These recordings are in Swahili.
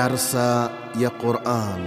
درس قرآن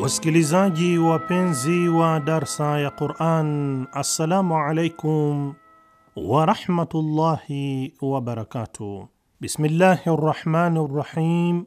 Wasikilizaji wapenzi wa darsa ya Quran, assalamu alaikum warahmatullahi wabarakatuh. Bismillahi rrahmani rrahim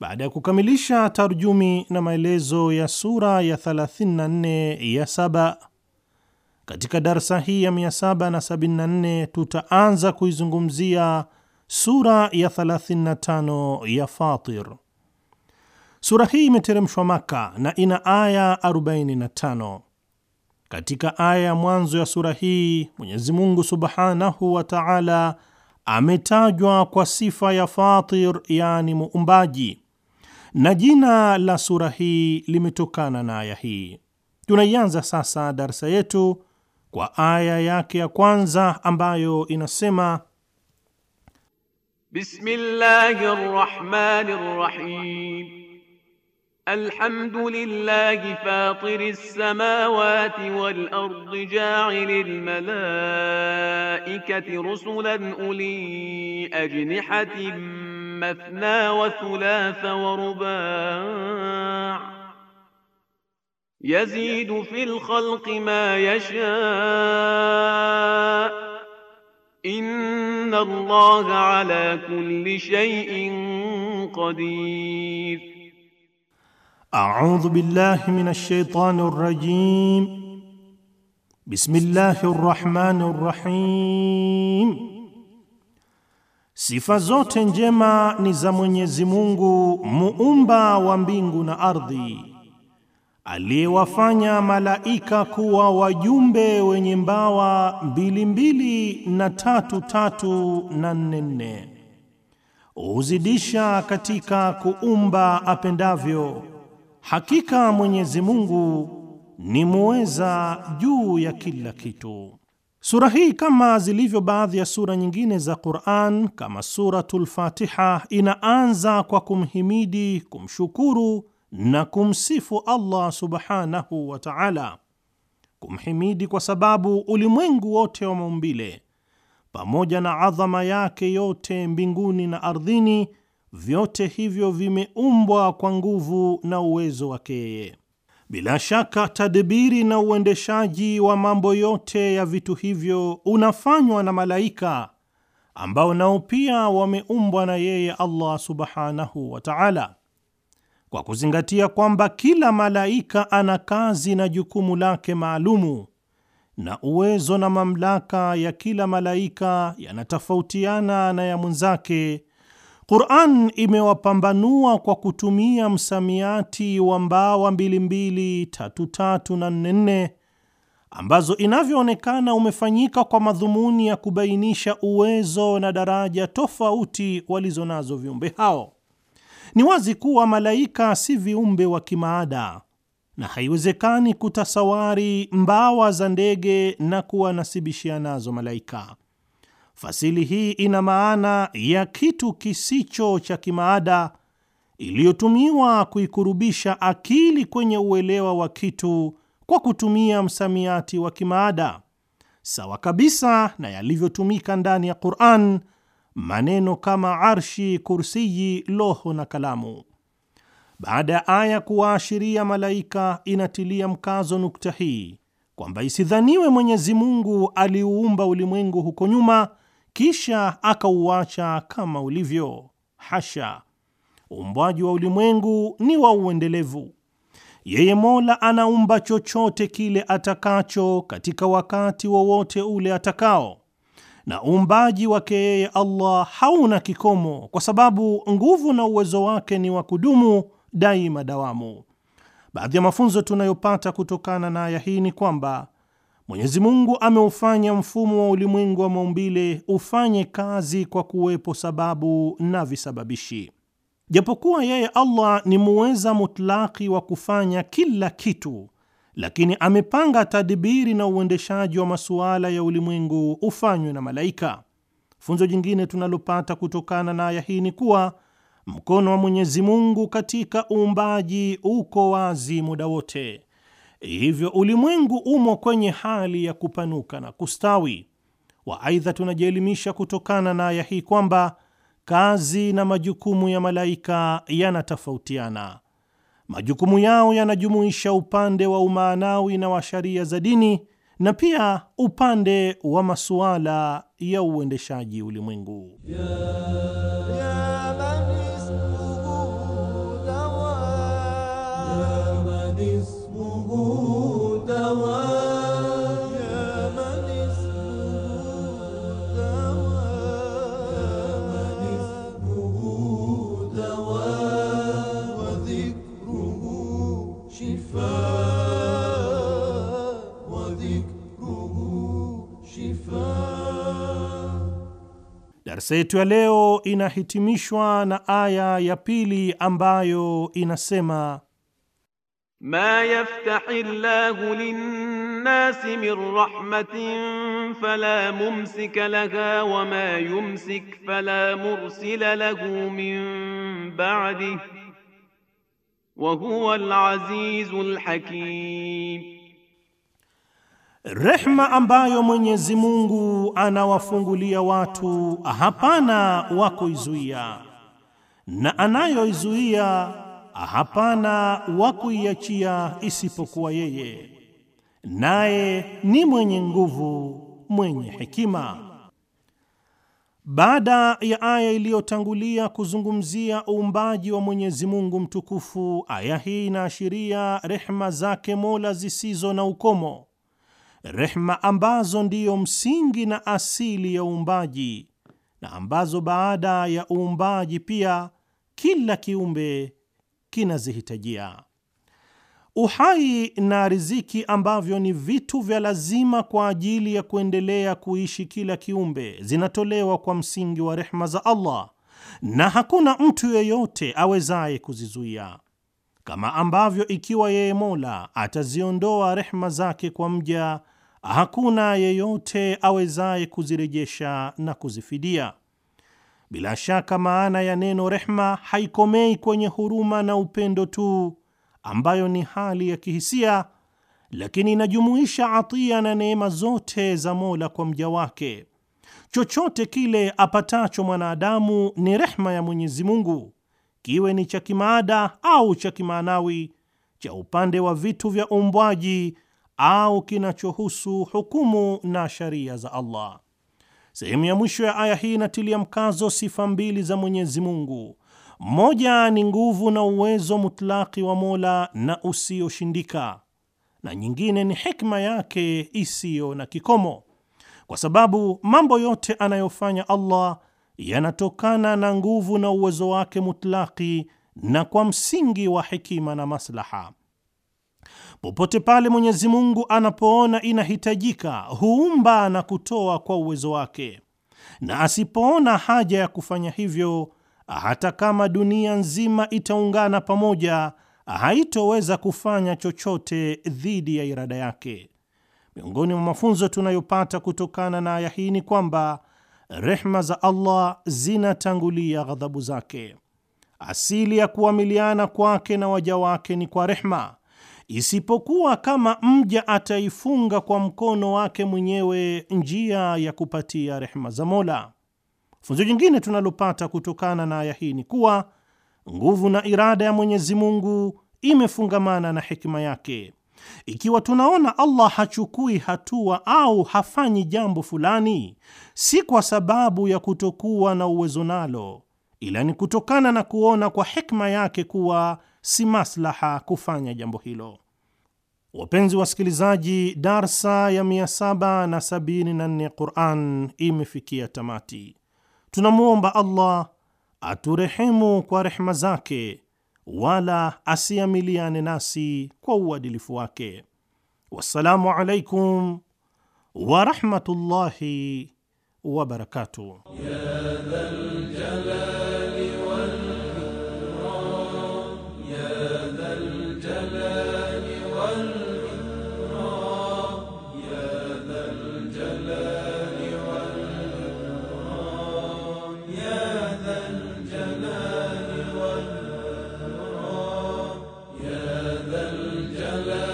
baada ya kukamilisha tarjumi na maelezo ya sura ya 34 ya saba, katika darsa hii ya 774 tutaanza kuizungumzia sura ya 35 ya Fatir. Sura hii imeteremshwa Maka na ina aya 45. Katika aya ya mwanzo ya sura hii Mwenyezi Mungu subhanahu wa taala ametajwa kwa sifa ya Fatir, yani muumbaji na jina la sura hii limetokana na aya hii. Tunaianza sasa darsa yetu kwa aya yake ya kwanza ambayo inasema Bismillahir Rahmanir Rahim Alhamdulillahi fatiris samawati wal ardi ja'ilil malaikati rusulan uli ajnihatin مثنى وثلاث ورباع يزيد في الخلق ما يشاء إن الله على كل شيء قدير أعوذ بالله من الشيطان الرجيم بسم الله الرحمن الرحيم Sifa zote njema ni za Mwenyezi Mungu muumba wa mbingu na ardhi, aliyewafanya malaika kuwa wajumbe wenye mbawa mbili mbili na tatu tatu na nne nne. Huzidisha katika kuumba apendavyo. Hakika Mwenyezi Mungu ni muweza juu ya kila kitu. Sura hii kama zilivyo baadhi ya sura nyingine za Qur'an kama Suratul Fatiha inaanza kwa kumhimidi, kumshukuru na kumsifu Allah Subhanahu wa Ta'ala. Kumhimidi kwa sababu ulimwengu wote wa maumbile pamoja na adhama yake yote mbinguni na ardhini, vyote hivyo vimeumbwa kwa nguvu na uwezo wake yeye. Bila shaka tadbiri na uendeshaji wa mambo yote ya vitu hivyo unafanywa na malaika ambao nao pia wameumbwa na yeye Allah subhanahu wa ta'ala. Kwa kuzingatia kwamba kila malaika ana kazi na jukumu lake maalumu, na uwezo na mamlaka ya kila malaika yanatofautiana na ya mwenzake, Qur'an imewapambanua kwa kutumia msamiati wa mbawa mbili mbili, tatu tatu na nne nne ambazo inavyoonekana umefanyika kwa madhumuni ya kubainisha uwezo na daraja tofauti walizonazo viumbe hao. Ni wazi kuwa malaika si viumbe wa kimaada na haiwezekani kutasawari mbawa za ndege na kuwanasibishia nazo malaika. Fasili hii ina maana ya kitu kisicho cha kimaada iliyotumiwa kuikurubisha akili kwenye uelewa wa kitu kwa kutumia msamiati wa kimaada, sawa kabisa na yalivyotumika ndani ya Qur'an maneno kama arshi, kursiyi, loho na kalamu. Baada ya aya kuwaashiria malaika, inatilia mkazo nukta hii kwamba isidhaniwe Mwenyezi Mungu aliuumba ulimwengu huko nyuma kisha akauacha kama ulivyo. Hasha! Uumbaji wa ulimwengu ni wa uendelevu. Yeye Mola anaumba chochote kile atakacho katika wakati wowote ule atakao, na uumbaji wake yeye Allah hauna kikomo, kwa sababu nguvu na uwezo wake ni wa kudumu daima dawamu. Baadhi ya mafunzo tunayopata kutokana na aya hii ni kwamba Mwenyezi Mungu ameufanya mfumo wa ulimwengu wa maumbile ufanye kazi kwa kuwepo sababu na visababishi. Japokuwa yeye Allah ni muweza mutlaki wa kufanya kila kitu, lakini amepanga tadibiri na uendeshaji wa masuala ya ulimwengu ufanywe na malaika. Funzo jingine tunalopata kutokana na aya hii ni kuwa mkono wa Mwenyezi Mungu katika uumbaji uko wazi muda wote hivyo ulimwengu umo kwenye hali ya kupanuka na kustawi wa. Aidha, tunajielimisha kutokana na aya hii kwamba kazi na majukumu ya malaika yanatofautiana. Majukumu yao yanajumuisha upande wa umaanawi na wa sharia za dini na pia upande wa masuala ya uendeshaji ulimwengu yeah, yeah, Darsa yetu ya leo inahitimishwa na aya ya pili ambayo inasema ma yaftahi llahu linnasi min rahmatin fala mumsika laha wama yumsik fala mursila lahu min ba'dih wa huwa الحكيم Rehma ambayo Mwenyezi Mungu anawafungulia watu hapana wa kuizuia, na anayoizuia hapana wa kuiachia isipokuwa yeye, naye ni mwenye nguvu, mwenye hekima. Baada ya aya iliyotangulia kuzungumzia uumbaji wa Mwenyezi Mungu mtukufu, aya hii inaashiria rehma zake Mola zisizo na ukomo rehma ambazo ndiyo msingi na asili ya uumbaji na ambazo baada ya uumbaji pia kila kiumbe kinazihitajia. Uhai na riziki ambavyo ni vitu vya lazima kwa ajili ya kuendelea kuishi kila kiumbe, zinatolewa kwa msingi wa rehma za Allah na hakuna mtu yeyote awezaye kuzizuia kama ambavyo ikiwa yeye Mola ataziondoa rehma zake kwa mja, hakuna yeyote awezaye kuzirejesha na kuzifidia. Bila shaka maana ya neno rehma haikomei kwenye huruma na upendo tu, ambayo ni hali ya kihisia, lakini inajumuisha atia na neema zote za Mola kwa mja wake. Chochote kile apatacho mwanadamu ni rehma ya Mwenyezi Mungu kiwe ni cha kimaada au cha kimaanawi, cha upande wa vitu vya uumbwaji au kinachohusu hukumu na sharia za Allah. Sehemu ya mwisho ya aya hii inatilia mkazo sifa mbili za Mwenyezi Mungu. Moja ni nguvu na uwezo mutlaki wa Mola na usioshindika, na nyingine ni hikma yake isiyo na kikomo, kwa sababu mambo yote anayofanya Allah yanatokana na nguvu na uwezo wake mutlaki na kwa msingi wa hekima na maslaha. Popote pale Mwenyezi Mungu anapoona inahitajika, huumba na kutoa kwa uwezo wake, na asipoona haja ya kufanya hivyo, hata kama dunia nzima itaungana pamoja, haitoweza kufanya chochote dhidi ya irada yake. Miongoni mwa mafunzo tunayopata kutokana na aya hii ni kwamba rehma za Allah zinatangulia ghadhabu zake. Asili ya kuamiliana kwake na waja wake ni kwa rehma, isipokuwa kama mja ataifunga kwa mkono wake mwenyewe njia ya kupatia rehma za Mola. Funzo jingine tunalopata kutokana na aya hii ni kuwa nguvu na irada ya Mwenyezi Mungu imefungamana na hekima yake ikiwa tunaona Allah hachukui hatua au hafanyi jambo fulani, si kwa sababu ya kutokuwa na uwezo nalo, ila ni kutokana na kuona kwa hikma yake kuwa si maslaha kufanya jambo hilo. Wapenzi wasikilizaji, darsa ya 774 Quran imefikia tamati. Tunamwomba Allah aturehemu kwa rehma zake wala asiamiliane nasi kwa uadilifu wake. Wassalamu alaikum warahmatullahi wabarakatuh. la